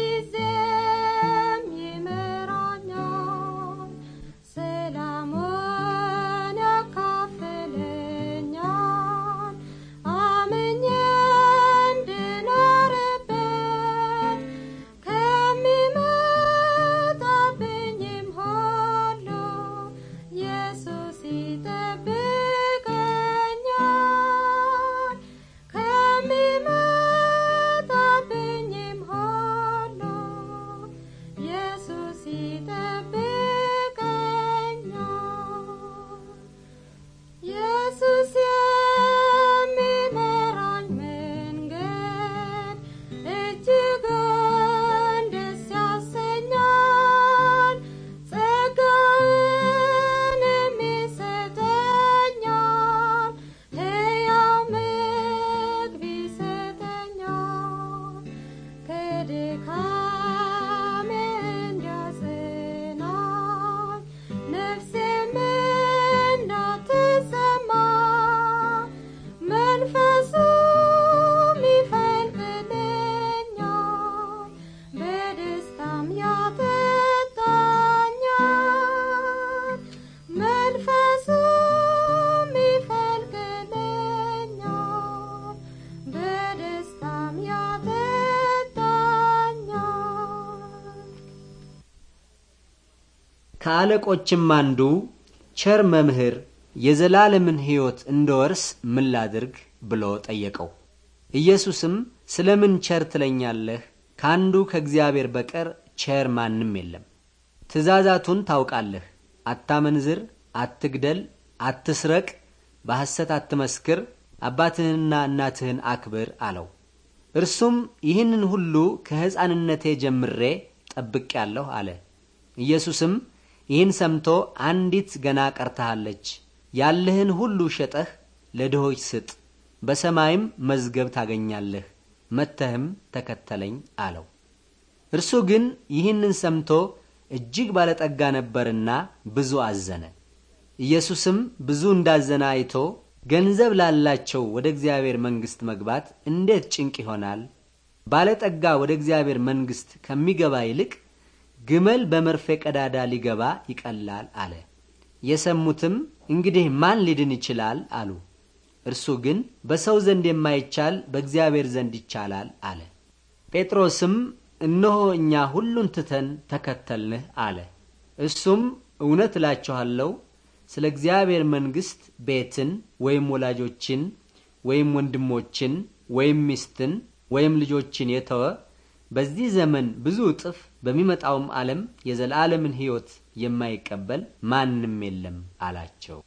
is dedicar. ከአለቆችም አንዱ ቸር መምህር የዘላለምን ሕይወት እንደወርስ ምን ላድርግ ብሎ ጠየቀው። ኢየሱስም ስለምን ቸር ትለኛለህ? ከአንዱ ከእግዚአብሔር በቀር ቸር ማንም የለም። ትእዛዛቱን ታውቃለህ። አታመንዝር፣ አትግደል፣ አትስረቅ፣ በሐሰት አትመስክር፣ አባትህንና እናትህን አክብር አለው። እርሱም ይህንን ሁሉ ከሕፃንነቴ ጀምሬ ጠብቄአለሁ አለ። ኢየሱስም ይህን ሰምቶ አንዲት ገና ቀርተሃለች፣ ያለህን ሁሉ ሸጠህ ለድሆች ስጥ፣ በሰማይም መዝገብ ታገኛለህ፣ መተህም ተከተለኝ አለው። እርሱ ግን ይህንን ሰምቶ እጅግ ባለጠጋ ነበርና ብዙ አዘነ። ኢየሱስም ብዙ እንዳዘነ አይቶ ገንዘብ ላላቸው ወደ እግዚአብሔር መንግሥት መግባት እንዴት ጭንቅ ይሆናል! ባለጠጋ ወደ እግዚአብሔር መንግሥት ከሚገባ ይልቅ ግመል በመርፌ ቀዳዳ ሊገባ ይቀላል አለ። የሰሙትም እንግዲህ ማን ሊድን ይችላል አሉ። እርሱ ግን በሰው ዘንድ የማይቻል በእግዚአብሔር ዘንድ ይቻላል አለ። ጴጥሮስም እነሆ እኛ ሁሉን ትተን ተከተልንህ አለ። እሱም እውነት እላችኋለሁ ስለ እግዚአብሔር መንግሥት ቤትን ወይም ወላጆችን ወይም ወንድሞችን ወይም ሚስትን ወይም ልጆችን የተወ በዚህ ዘመን ብዙ እጥፍ በሚመጣውም ዓለም የዘላለምን ሕይወት የማይቀበል ማንም የለም አላቸው።